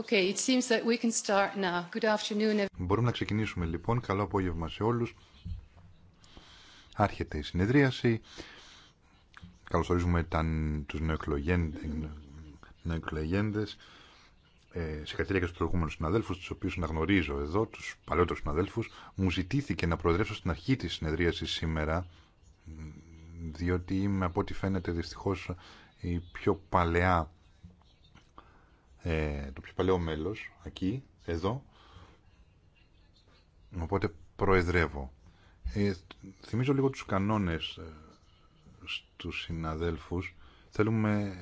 Okay, it seems that we can start now. Good afternoon. Μπορούμε να ξεκινήσουμε λοιπόν. Καλό απόγευμα σε όλους. Άρχεται η συνεδρίαση. Καλωσορίζουμε τα, τους νεοεκλογέντες. Ε, συγχαρητήρια και στους προηγούμενους συναδέλφους, τους οποίους αναγνωρίζω εδώ, τους παλαιότερους συναδέλφους. Μου ζητήθηκε να προεδρεύσω στην αρχή της συνεδρίασης σήμερα, διότι είμαι από ό,τι φαίνεται δυστυχώς η πιο παλαιά ε, το πιο παλαιό μέλος, εκεί, εδώ. Οπότε προεδρεύω. Ε, θυμίζω λίγο τους κανόνες ε, στους συναδέλφους. Θέλουμε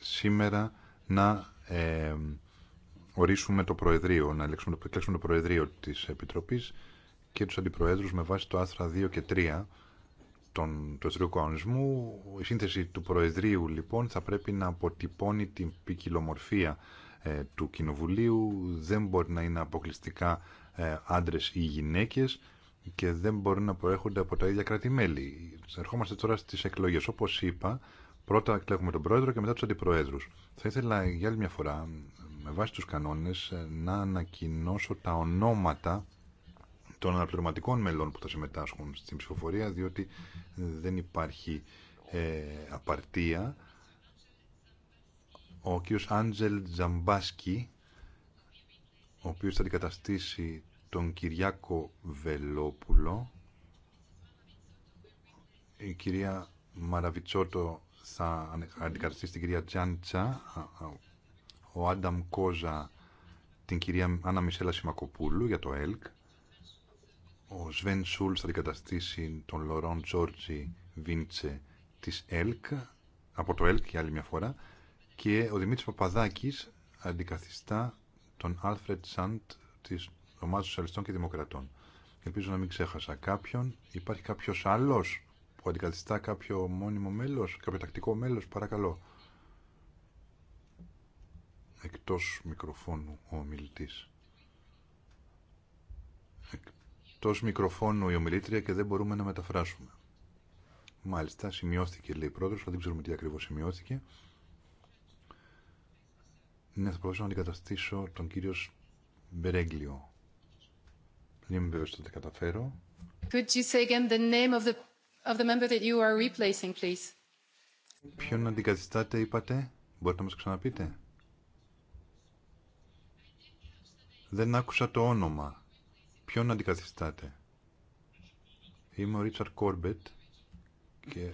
σήμερα να ε, ορίσουμε το Προεδρείο, να εκλέξουμε το Προεδρείο της Επιτροπής και τους Αντιπροέδρους με βάση το άθρα 2 και 3 τον, του εθνικού κανονισμού. Η σύνθεση του Προεδρείου λοιπόν θα πρέπει να αποτυπώνει την ποικιλομορφία ε, του Κοινοβουλίου. Δεν μπορεί να είναι αποκλειστικά ε, άντρες ή γυναίκες και δεν μπορεί να προέρχονται από τα ίδια κράτη-μέλη. Ερχόμαστε τώρα στις εκλογές. Όπως είπα, πρώτα εκλέγουμε τον Πρόεδρο και μετά τους Αντιπροέδρους. Θα ήθελα για άλλη μια φορά, με βάση τους κανόνες, ε, να ανακοινώσω τα ονόματα των αναπληρωματικών μελών που θα συμμετάσχουν στην ψηφοφορία, διότι δεν υπάρχει ε, απαρτία. Ο κ. Άντζελ Τζαμπάσκι, ο οποίος θα αντικαταστήσει τον Κυριάκο Βελόπουλο, η κυρία Μαραβιτσότο θα αντικαταστήσει την κυρία Τζάντσα, ο Άνταμ Κόζα την κυρία Άννα Μισέλα Σιμακοπούλου για το ΕΛΚ, ο Σβέν Σούλ θα αντικαταστήσει τον Λορόν Τζόρτζι Βίντσε της ΕΛΚ, από το ΕΛΚ για άλλη μια φορά, και ο Δημήτρης Παπαδάκης αντικαθιστά τον Άλφρετ Σαντ της Ομάδας Σοσιαλιστών και Δημοκρατών. Ελπίζω να μην ξέχασα κάποιον. Υπάρχει κάποιος άλλος που αντικαθιστά κάποιο μόνιμο μέλος, κάποιο τακτικό μέλος, παρακαλώ. Εκτός μικροφώνου ο ομιλητής. εκτός μικροφώνου η ομιλήτρια και δεν μπορούμε να μεταφράσουμε. Μάλιστα, σημειώθηκε λέει η πρόεδρος, δεν ξέρουμε τι ακριβώς σημειώθηκε. Ναι, θα προσπαθήσω να αντικαταστήσω τον κύριο Μπερέγκλιο. Δεν είμαι βέβαιος ότι καταφέρω. Could you say again the name of the, of the member that you are replacing, please? Ποιον αντικαθιστάτε, είπατε. Μπορείτε να μας ξαναπείτε. Δεν άκουσα το όνομα. Ποιον αντικαθιστάτε. Είμαι ο Ρίτσαρ Κόρμπετ και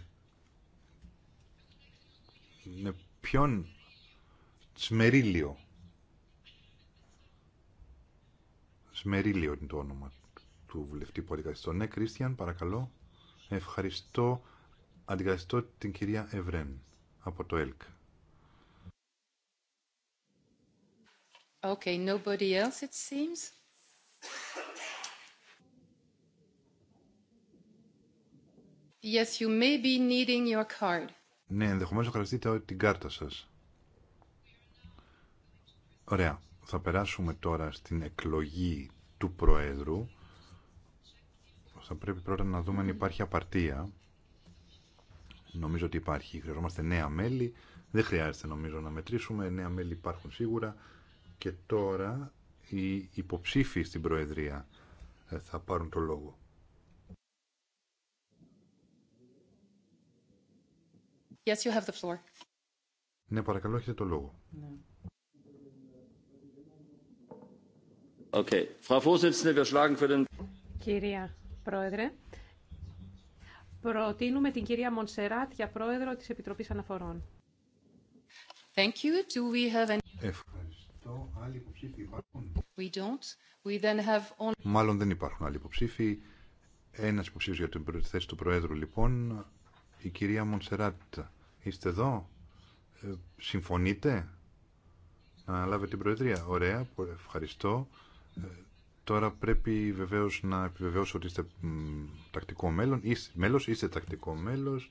με ποιον Σμερίλιο. Σμερίλιο είναι το όνομα του βουλευτή που αντικαθιστώ. Ναι, Κρίστιαν, παρακαλώ. Ευχαριστώ. Αντικαθιστώ την κυρία Ευρέν από το ΕΛΚ. Okay, nobody else it seems. Yes, you may be needing your card. Ναι, ενδεχομένως να χρειαστείτε την κάρτα σας. Ωραία. Θα περάσουμε τώρα στην εκλογή του Προέδρου. Θα πρέπει πρώτα να δούμε αν υπάρχει απαρτία. Νομίζω ότι υπάρχει. Χρειαζόμαστε νέα μέλη. Δεν χρειάζεται νομίζω να μετρήσουμε. Νέα μέλη υπάρχουν σίγουρα. Και τώρα οι υποψήφοι στην Προεδρία ε, θα πάρουν το λόγο. Yes, you have the floor. Ναι, παρακαλώ, έχετε το λόγο. Ναι. Okay. Frau Vorsitzende, wir schlagen für den... Κυρία Πρόεδρε, προτείνουμε την κυρία Μονσεράτ για Πρόεδρο της Επιτροπής Αναφορών. Thank you. Do we have any... Ευχαριστώ. Άλλοι υποψήφοι υπάρχουν. We don't. We then have only... Μάλλον δεν υπάρχουν άλλοι υποψήφοι. Ένας υποψήφιος για την θέση του Προέδρου, λοιπόν, η κυρία Μονσεράτητα, είστε εδώ. Ε, συμφωνείτε να λάβετε την Προεδρία. Ωραία, ευχαριστώ. Ε, τώρα πρέπει βεβαίως να επιβεβαιώσω ότι είστε τακτικό μέλλον. Είστε, μέλος, είστε τακτικό μέλος.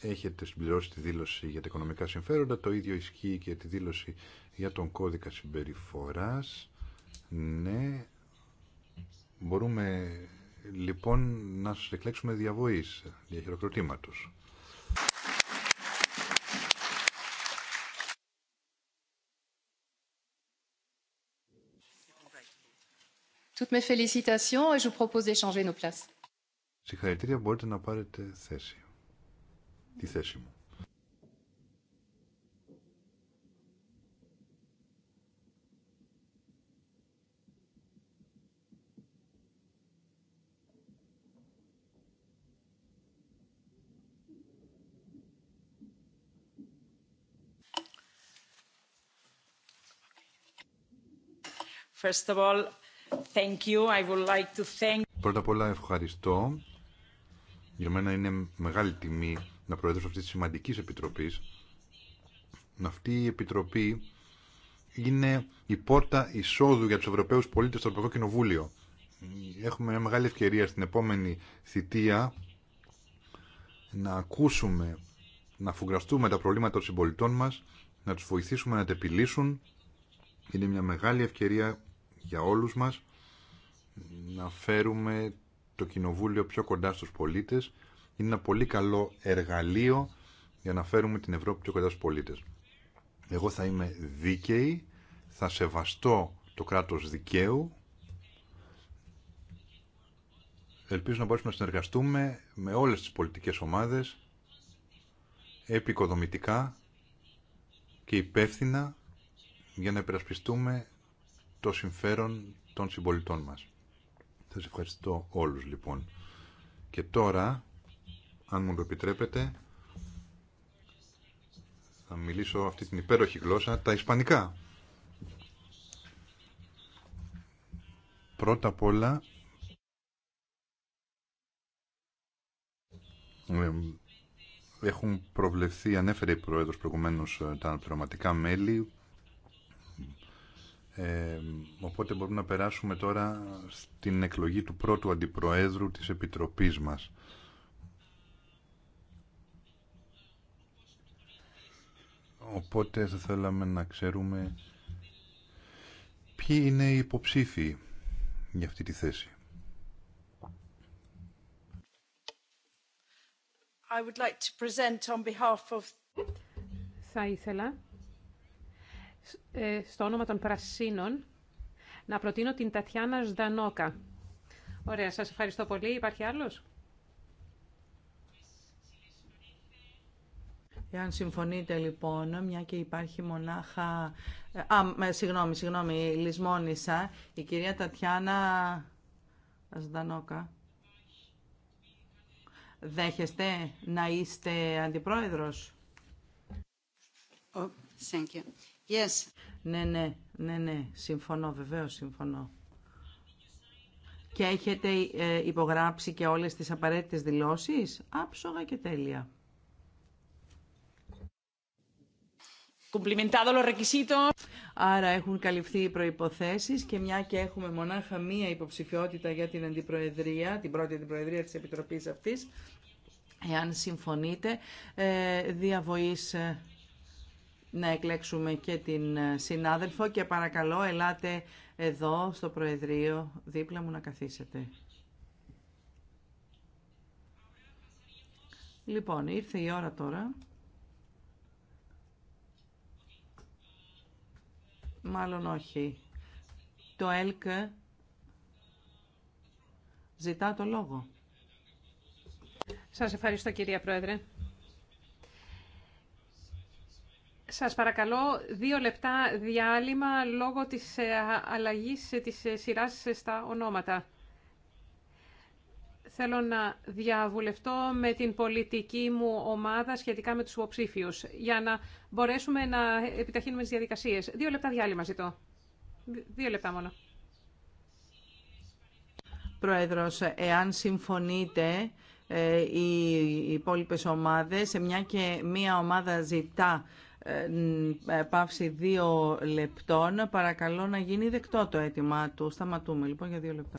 Έχετε συμπληρώσει τη δήλωση για τα οικονομικά συμφέροντα. Το ίδιο ισχύει και τη δήλωση για τον κώδικα συμπεριφοράς. Ναι, μπορούμε λοιπόν να σας εκλέξουμε διαβοής για χειροκροτήματος. Toutes mes félicitations et je vous propose d'échanger nos places. Συγχαρητήρια, μπορείτε να πάρετε θέση. Τη θέση μου. Πρώτα απ' όλα ευχαριστώ. Για μένα είναι μεγάλη τιμή να προέδρω αυτή τη σημαντική επιτροπή. Αυτή η επιτροπή είναι η πόρτα εισόδου για του Ευρωπαίου πολίτε στο Ευρωπαϊκό Κοινοβούλιο. Έχουμε μια μεγάλη ευκαιρία στην επόμενη θητεία να ακούσουμε, να φουγκραστούμε τα προβλήματα των συμπολιτών μα να τους βοηθήσουμε να τα επιλύσουν. Είναι μια μεγάλη ευκαιρία για όλους μας να φέρουμε το Κοινοβούλιο πιο κοντά στους πολίτες. Είναι ένα πολύ καλό εργαλείο για να φέρουμε την Ευρώπη πιο κοντά στους πολίτες. Εγώ θα είμαι δίκαιη, θα σεβαστώ το κράτος δικαίου. Ελπίζω να μπορέσουμε να συνεργαστούμε με όλες τις πολιτικές ομάδες, επικοδομητικά και υπεύθυνα για να υπερασπιστούμε το συμφέρον των συμπολιτών μας. Σας ευχαριστώ όλους λοιπόν. Και τώρα, αν μου το επιτρέπετε, θα μιλήσω αυτή την υπέροχη γλώσσα, τα ισπανικά. Πρώτα απ' όλα, ε, έχουν προβλεφθεί, ανέφερε η Πρόεδρος προηγουμένως, ε, τα αναπληρωματικά μέλη οπότε μπορούμε να περάσουμε τώρα στην εκλογή του πρώτου αντιπροέδρου της Επιτροπής μας. Οπότε θα θέλαμε να ξέρουμε ποιοι είναι οι υποψήφοι για αυτή τη θέση. Θα ήθελα ε, στο όνομα των Πρασίνων να προτείνω την Τατιάνα Ζδανόκα. Ωραία, σας ευχαριστώ πολύ. Υπάρχει άλλος? Εάν συμφωνείτε λοιπόν, μια και υπάρχει μονάχα... συγγνώμη, συγγνώμη, λησμόνησα. Η κυρία Τατιάνα Ζδανόκα. Δέχεστε να είστε αντιπρόεδρος. Oh, thank you. Ναι, ναι, ναι, ναι, συμφωνώ, βεβαίω, συμφωνώ. Και έχετε ε, υπογράψει και όλες τις απαραίτητες δηλώσεις. Άψογα και τέλεια. Άρα έχουν καλυφθεί οι προϋποθέσεις και μια και έχουμε μονάχα μία υποψηφιότητα για την αντιπροεδρία, την πρώτη αντιπροεδρία της Επιτροπής αυτής, εάν συμφωνείτε, ε, διαβοής ε, να εκλέξουμε και την ε, συνάδελφο και παρακαλώ ελάτε εδώ στο Προεδρείο δίπλα μου να καθίσετε. Λοιπόν, ήρθε η ώρα τώρα. Μάλλον όχι. Το ΕΛΚ ζητά το λόγο. Σας ευχαριστώ κυρία Πρόεδρε. Σας παρακαλώ δύο λεπτά διάλειμμα λόγω της ε, αλλαγής της ε, σειράς στα ονόματα. Θέλω να διαβουλευτώ με την πολιτική μου ομάδα σχετικά με τους υποψήφιους για να μπορέσουμε να επιταχύνουμε τις διαδικασίες. Δύο λεπτά διάλειμμα ζητώ. Δύο λεπτά μόνο. Πρόεδρος, εάν συμφωνείτε ε, οι υπόλοιπες ομάδες, μια και μία ομάδα ζητά ε, ε, παύση δύο λεπτών. Παρακαλώ να γίνει δεκτό το αίτημά του. Σταματούμε λοιπόν για δύο λεπτά.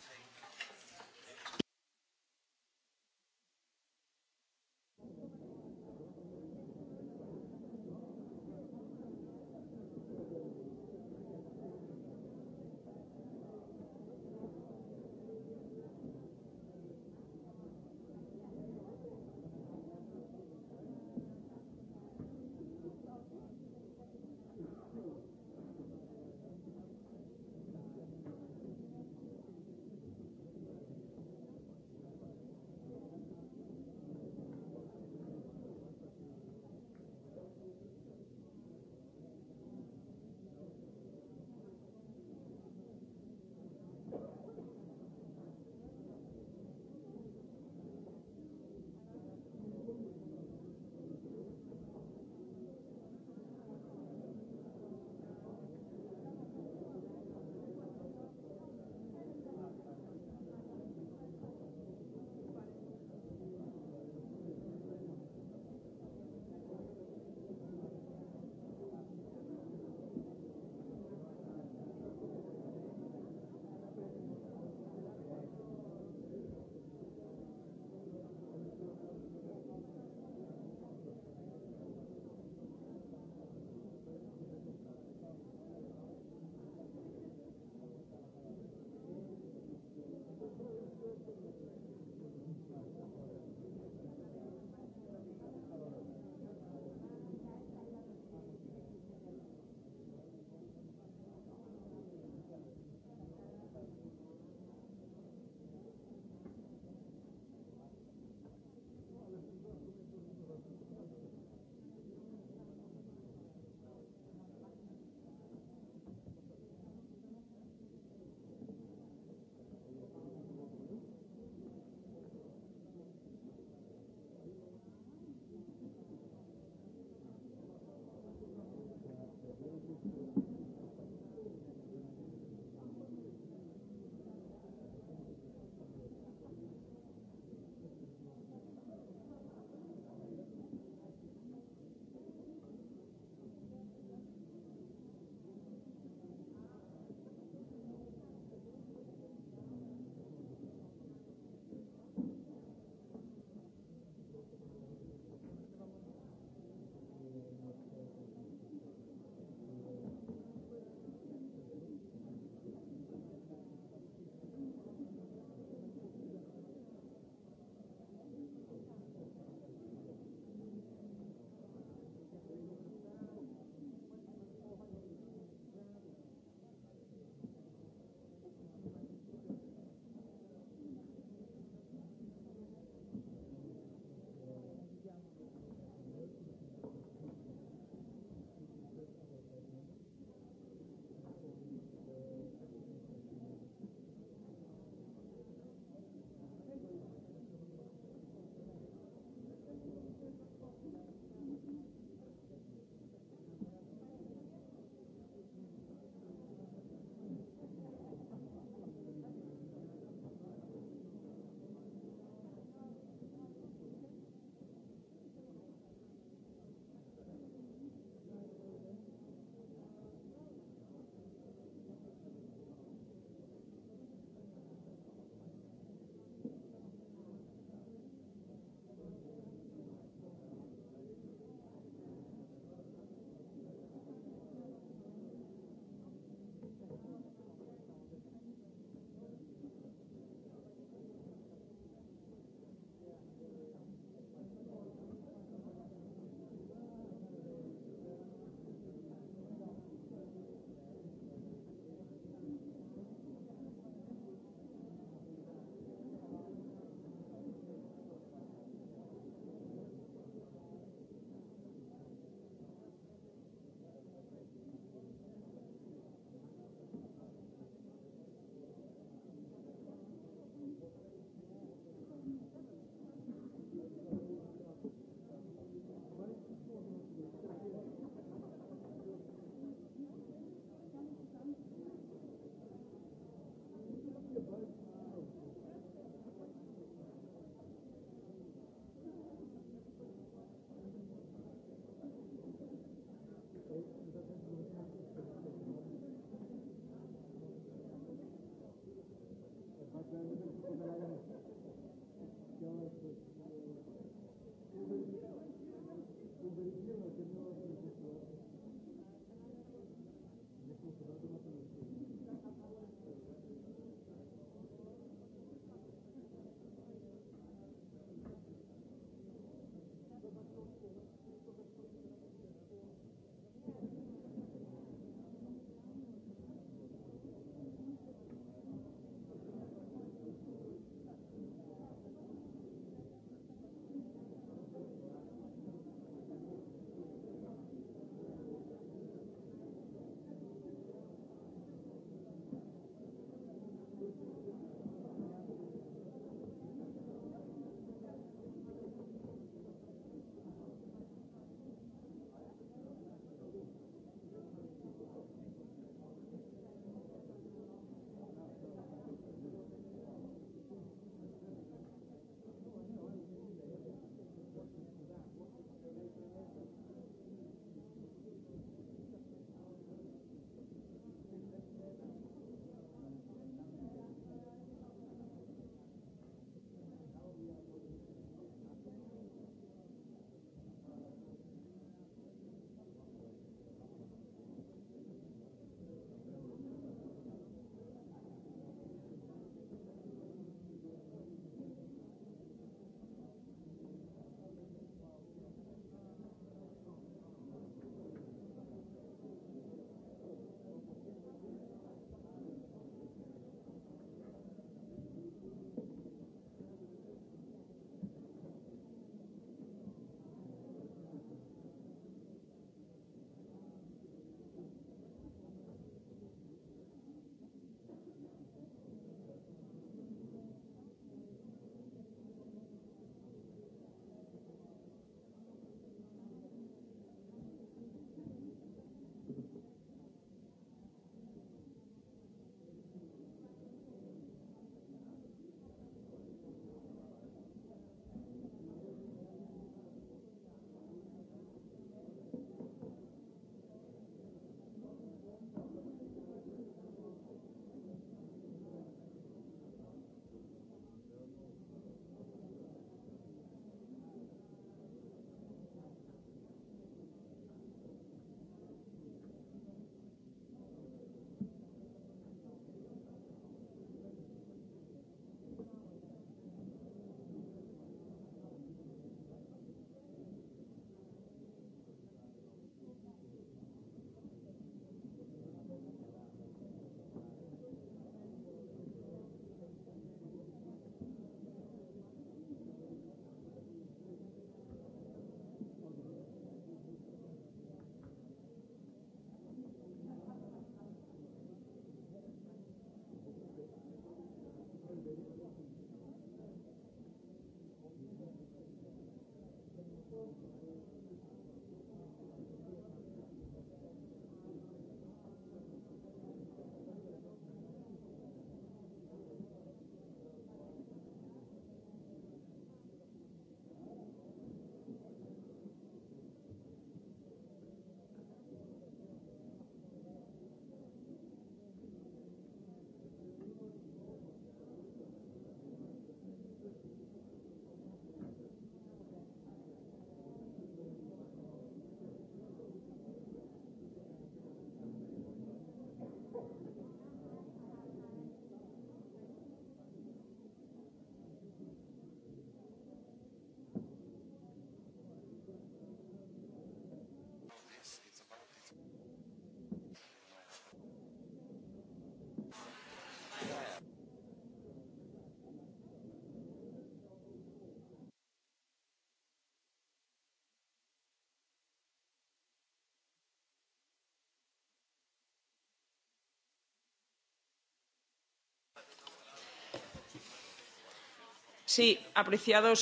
Sí, apreciados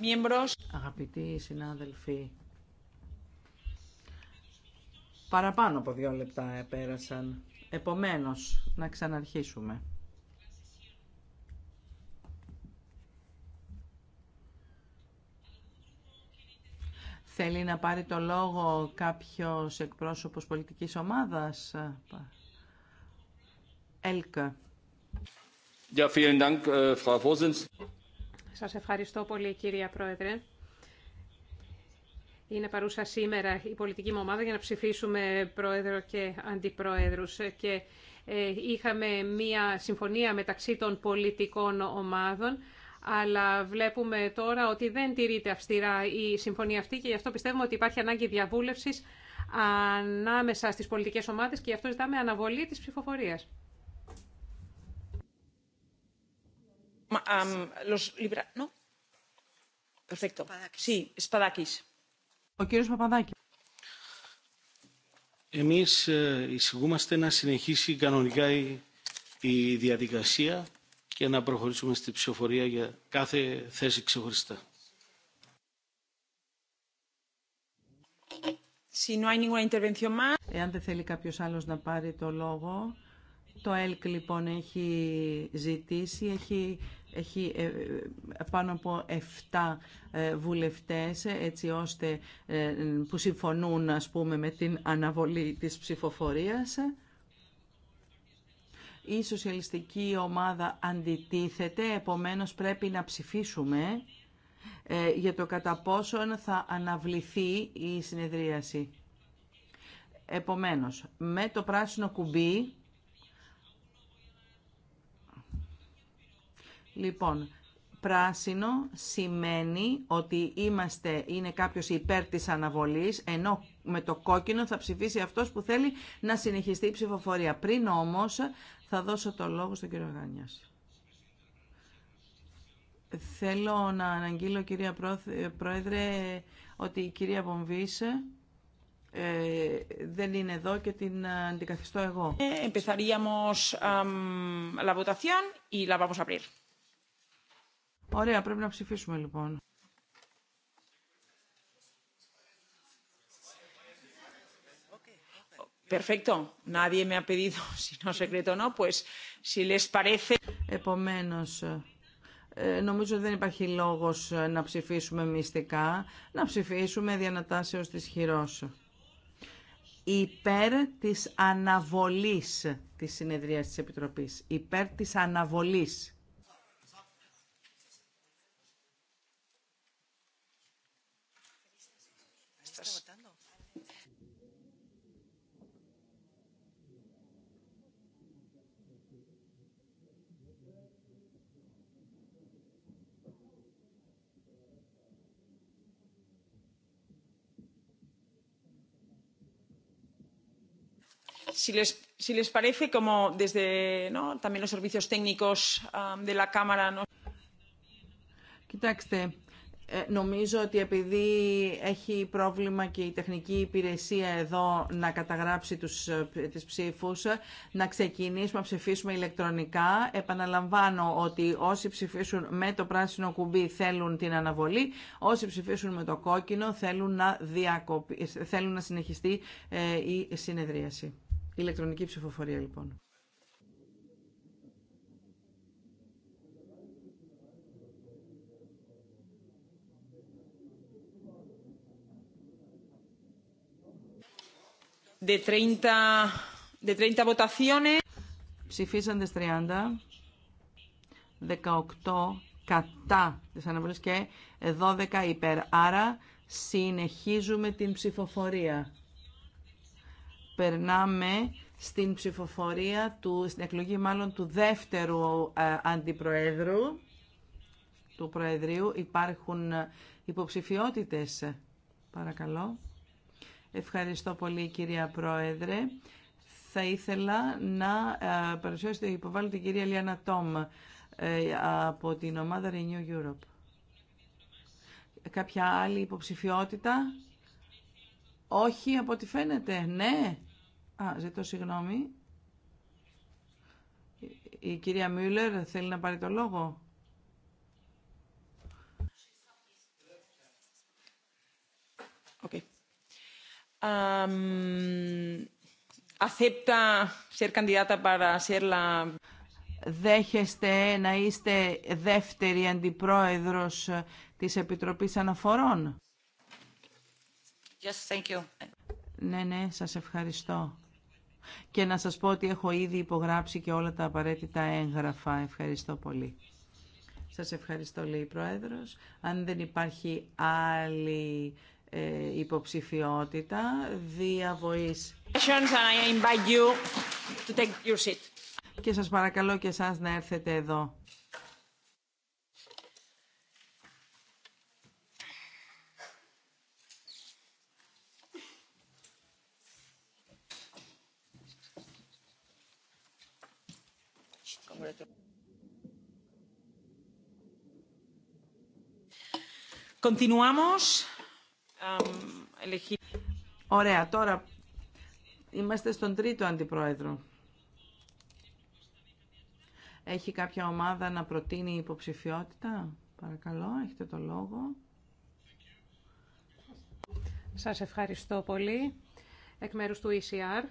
miembros. Αγαπητοί συνάδελφοι, παραπάνω από δύο λεπτά έπερασαν. Επομένως, να ξαναρχίσουμε. Θέλει να πάρει το λόγο κάποιος εκπρόσωπος πολιτικής ομάδας. Ελκα. Ja, vielen Dank, äh, Frau Vorsitzende. Σας ευχαριστώ πολύ κυρία Πρόεδρε. Είναι παρούσα σήμερα η πολιτική μου ομάδα για να ψηφίσουμε πρόεδρο και αντιπρόεδρους και ε, είχαμε μία συμφωνία μεταξύ των πολιτικών ομάδων αλλά βλέπουμε τώρα ότι δεν τηρείται αυστηρά η συμφωνία αυτή και γι' αυτό πιστεύουμε ότι υπάρχει ανάγκη διαβούλευσης ανάμεσα στις πολιτικές ομάδες και γι' αυτό ζητάμε αναβολή της ψηφοφορίας. Los no. Perfecto. Sí, Ο κύριος Παπαδάκη. Εμείς ε, εισηγούμαστε να συνεχίσει κανονικά η, η διαδικασία και να προχωρήσουμε στη ψηφοφορία για κάθε θέση ξεχωριστά. Εάν δεν θέλει κάποιος άλλος να πάρει το λόγο, το ΕΛΚ λοιπόν έχει ζητήσει, έχει έχει ε, πάνω από 7 ε, βουλευτές ε, έτσι ώστε που συμφωνούν ας πούμε με την αναβολή της ψηφοφορίας. Η σοσιαλιστική ομάδα αντιτίθεται, επομένως πρέπει να ψηφίσουμε για το κατά πόσον θα αναβληθεί η συνεδρίαση. Επομένως, με το πράσινο κουμπί Λοιπόν, πράσινο σημαίνει ότι είμαστε, είναι κάποιος υπέρ της αναβολής, ενώ με το κόκκινο θα ψηφίσει αυτός που θέλει να συνεχιστεί η ψηφοφορία. Πριν όμως θα δώσω το λόγο στον κύριο Γάνιας. Θέλω να αναγγείλω, κυρία ε, Πρόεδρε, ότι η κυρία Βομβίσε δεν είναι εδώ και την αντικαθιστώ εγώ. Ε, empezaríamos um, la votación y la vamos Ωραία, πρέπει να ψηφίσουμε λοιπόν. Perfecto. Nadie me ha pedido, si no secreto no, Επομένως, ε, νομίζω δεν υπάρχει λόγος ε, να ψηφίσουμε μυστικά, να ψηφίσουμε διανατάσεως της χειρός. Υπέρ της αναβολής της συνεδρίας της Επιτροπής. Υπέρ της αναβολής. si les parece, como desde también los servicios técnicos ah, Κοιτάξτε, ε, νομίζω ότι επειδή έχει πρόβλημα και η τεχνική υπηρεσία εδώ να καταγράψει τους, ε, τις ψήφους, ε, να ξεκινήσουμε να ψηφίσουμε ηλεκτρονικά. Επαναλαμβάνω ότι όσοι ψηφίσουν με το πράσινο κουμπί θέλουν την αναβολή, όσοι ψηφίσουν με το κόκκινο θέλουν να, διακοπ... θέλουν να συνεχιστεί η συνεδρίαση. Ηλεκτρονική ψηφοφορία λοιπόν. De 30, de 30 votaciones. Ψηφίσαντες 30, 18 κατά τις αναβολές και 12 υπέρ. Άρα συνεχίζουμε την ψηφοφορία περνάμε στην ψηφοφορία, του, στην εκλογή μάλλον του δεύτερου ε, αντιπροέδρου του Προεδρείου. Υπάρχουν υποψηφιότητες. Παρακαλώ. Ευχαριστώ πολύ κυρία Πρόεδρε. Θα ήθελα να ε, παρουσιάσω την υποβάλω την κυρία Λιάννα Τόμ ε, από την ομάδα Renew Europe. Κάποια άλλη υποψηφιότητα. Όχι, από ό,τι φαίνεται. Ναι. Α, ζητώ συγγνώμη. Η κυρία Μιούλερ θέλει να πάρει το λόγο. Okay. Um, acepta Δέχεστε να είστε δεύτερη αντιπρόεδρος της Επιτροπής Αναφορών. Yes, thank you. Ναι, ναι, σας ευχαριστώ και να σας πω ότι έχω ήδη υπογράψει και όλα τα απαραίτητα έγγραφα. Ευχαριστώ πολύ. Σας ευχαριστώ, λέει η Πρόεδρος. Αν δεν υπάρχει άλλη ε, υποψηφιότητα, διαβοής. Και σας παρακαλώ και εσάς να έρθετε εδώ. Continuamos. Ωραία, τώρα είμαστε στον τρίτο αντιπρόεδρο. Έχει κάποια ομάδα να προτείνει υποψηφιότητα. Παρακαλώ, έχετε το λόγο. Σας ευχαριστώ πολύ. Εκ μέρους του ECR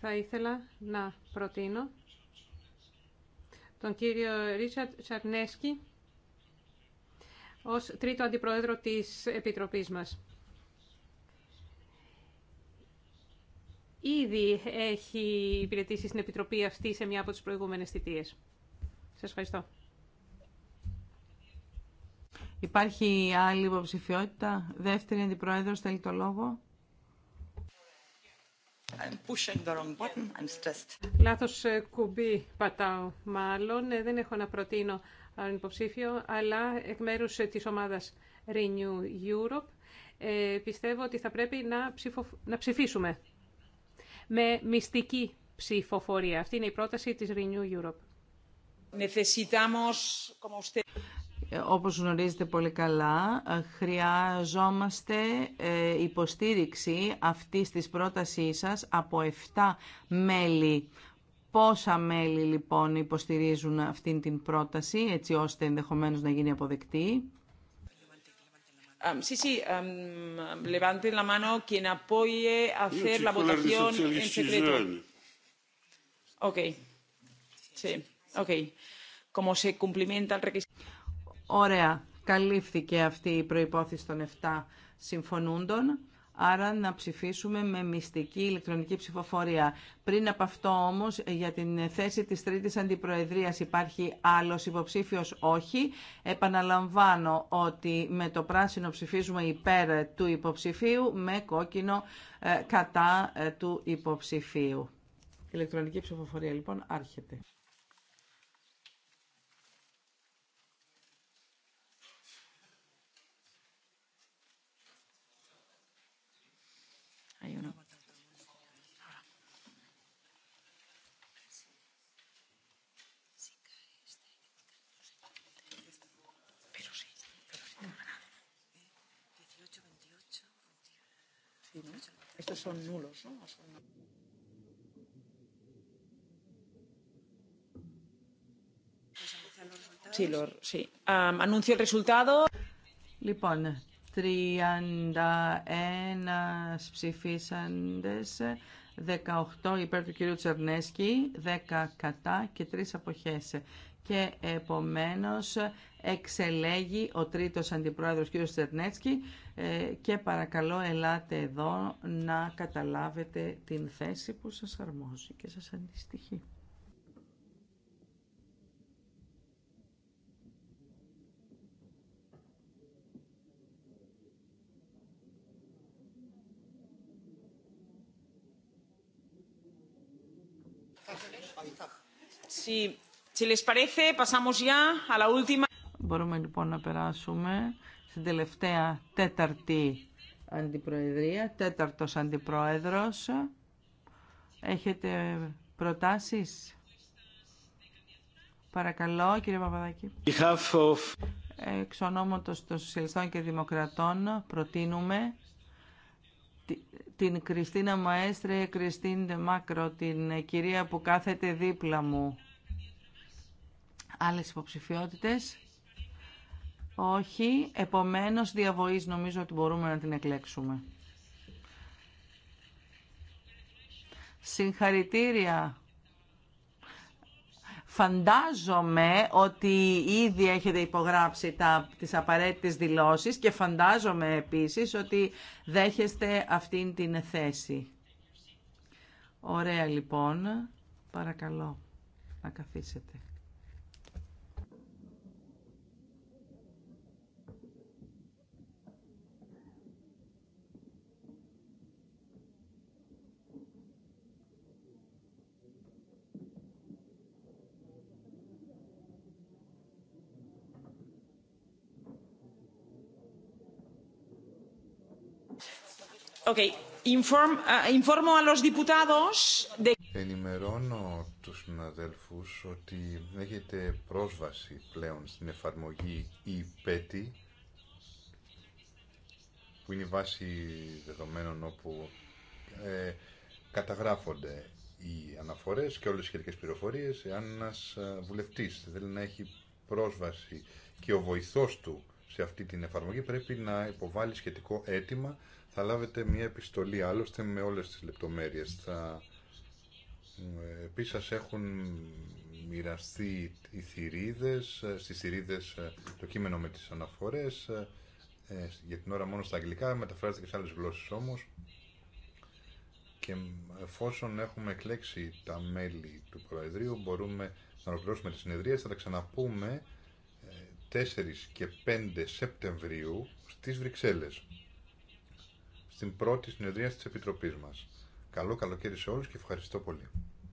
θα ήθελα να προτείνω τον κύριο Ρίτσαρτ σαρνέσκι ως τρίτο αντιπρόεδρο της Επιτροπής μας. Ήδη έχει υπηρετήσει στην Επιτροπή αυτή σε μια από τις προηγούμενες θητείες. Σας ευχαριστώ. Υπάρχει άλλη υποψηφιότητα. Δεύτερη αντιπρόεδρος θέλει το λόγο. Λάθος κουμπί πατάω μάλλον. Ε, δεν έχω να προτείνω αλλά εκ μέρους ε, της ομάδας Renew Europe ε, πιστεύω ότι θα πρέπει να, να ψηφίσουμε με μυστική ψηφοφορία. Αυτή είναι η πρόταση της Renew Europe. Ε, όπως γνωρίζετε πολύ καλά, χρειάζομαστε υποστήριξη αυτής της πρότασής σας από 7 μέλη Πόσα μέλη λοιπόν υποστηρίζουν αυτήν την πρόταση, έτσι ώστε ενδεχομένως να γίνει αποδεκτή. Sí, sí, levante la mano quien apoye hacer la votación en secreto. Ok. Sí, ok. Como se cumplimenta el requisito. Ωραία. Καλύφθηκε αυτή η προϋπόθεση των 7 συμφωνούντων άρα να ψηφίσουμε με μυστική ηλεκτρονική ψηφοφορία. Πριν από αυτό όμως, για την θέση της τρίτης αντιπροεδρίας υπάρχει άλλος υποψήφιος όχι. Επαναλαμβάνω ότι με το πράσινο ψηφίζουμε υπέρ του υποψηφίου, με κόκκινο ε, κατά ε, του υποψηφίου. Ηλεκτρονική ψηφοφορία λοιπόν άρχεται. όμως. Λοιπόν, 31 ψηφίσαντες, 18 υπέρ του κυρίου Τσερνέσκη, 10 κατά και 3 αποχέ. Και επομένως εξελέγει ο τρίτος αντιπρόεδρος κ. Στερνέτσκι ε, και παρακαλώ ελάτε εδώ να καταλάβετε την θέση που σας αρμόζει και σας αντιστοιχεί. Si, si les parece, Μπορούμε λοιπόν να περάσουμε στην τελευταία τέταρτη αντιπροεδρία, τέταρτος αντιπρόεδρος. Έχετε προτάσεις? Παρακαλώ, κύριε Παπαδάκη. Εξ ονόματος των Σοσιαλιστών και Δημοκρατών προτείνουμε την Κριστίνα Μαέστρε, Κριστίν Μάκρο, την κυρία που κάθεται δίπλα μου. Άλλες υποψηφιότητες. Όχι, επομένως διαβοής νομίζω ότι μπορούμε να την εκλέξουμε. Συγχαρητήρια. Φαντάζομαι ότι ήδη έχετε υπογράψει τα, τις απαραίτητες δηλώσεις και φαντάζομαι επίσης ότι δέχεστε αυτήν την θέση. Ωραία λοιπόν. Παρακαλώ να καθίσετε. Uh, Ενημερώνω τους συναδέλφους ότι έχετε πρόσβαση πλέον στην εφαρμογή που είναι η βάση δεδομένων όπου ε, καταγράφονται οι αναφορές και όλες οι σχετικές πληροφορίες. Εάν ένας ε, βουλευτής θέλει να έχει πρόσβαση και ο βοηθός του σε αυτή την εφαρμογή πρέπει να υποβάλει σχετικό αίτημα. Θα λάβετε μια επιστολή άλλωστε με όλες τις λεπτομέρειες. Θα... Επίσης έχουν μοιραστεί οι θηρίδες, ε, στις θηρίδες ε, το κείμενο με τις αναφορές, ε, για την ώρα μόνο στα αγγλικά, μεταφράζεται και σε άλλες γλώσσες όμως. Και εφόσον έχουμε εκλέξει τα μέλη του Προεδρείου, μπορούμε να ολοκληρώσουμε τις συνεδρία, θα τα ξαναπούμε 4 και 5 Σεπτεμβρίου στις Βρυξέλλες στην πρώτη συνεδρία της Επιτροπής μας. Καλό καλοκαίρι σε όλους και ευχαριστώ πολύ.